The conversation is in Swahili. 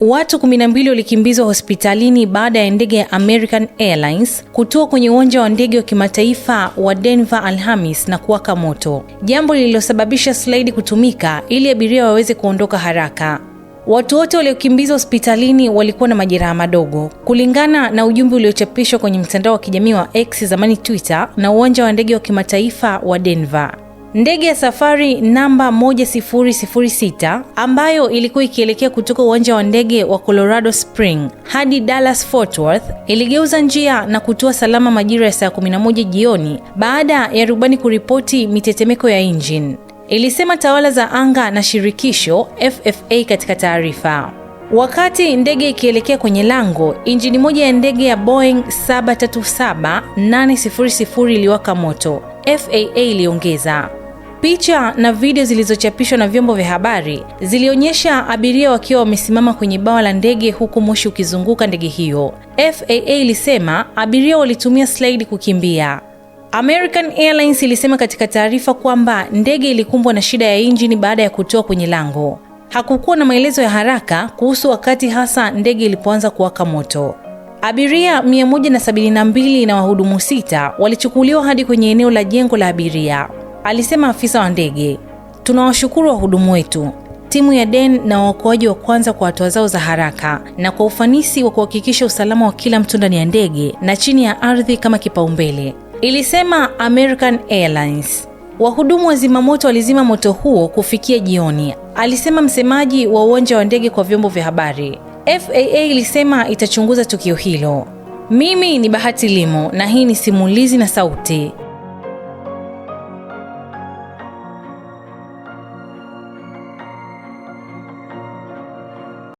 Watu 12 walikimbizwa hospitalini baada ya ndege ya American Airlines kutua kwenye uwanja wa ndege wa kimataifa wa Denver Alhamis na kuwaka moto, jambo lililosababisha slaidi kutumika ili abiria waweze kuondoka haraka. Watu wote waliokimbizwa hospitalini walikuwa na majeraha madogo, kulingana na ujumbe uliochapishwa kwenye mtandao wa kijamii wa X, zamani Twitter, na uwanja wa ndege wa kimataifa wa Denver. Ndege ya safari namba 1006 ambayo ilikuwa ikielekea kutoka uwanja wa ndege wa Colorado Spring hadi Dallas Fort Worth iligeuza njia na kutua salama majira ya saa 11 jioni baada ya rubani kuripoti mitetemeko ya injini, ilisema tawala za anga na shirikisho FFA katika taarifa. Wakati ndege ikielekea kwenye lango, injini moja ya ndege ya Boeing 737-800 iliwaka moto, FAA iliongeza. Picha na video zilizochapishwa na vyombo vya habari zilionyesha abiria wakiwa wamesimama kwenye bawa la ndege huku moshi ukizunguka ndege hiyo. FAA ilisema abiria walitumia slide kukimbia. American Airlines ilisema katika taarifa kwamba ndege ilikumbwa na shida ya injini baada ya kutoa kwenye lango. Hakukuwa na maelezo ya haraka kuhusu wakati hasa ndege ilipoanza kuwaka moto. Abiria 172 na wahudumu sita walichukuliwa hadi kwenye eneo la jengo la abiria alisema afisa wa ndege. Tunawashukuru wahudumu wetu, timu ya DEN na waokoaji wa kwanza kwa hatua zao za haraka na kwa ufanisi wa kuhakikisha usalama wa kila mtu ndani ya ndege na chini ya ardhi kama kipaumbele, ilisema American Airlines. Wahudumu wa zimamoto walizima moto huo kufikia jioni, alisema msemaji wa uwanja wa ndege kwa vyombo vya habari. FAA ilisema itachunguza tukio hilo. Mimi ni Bahati Limo na hii ni Simulizi na Sauti.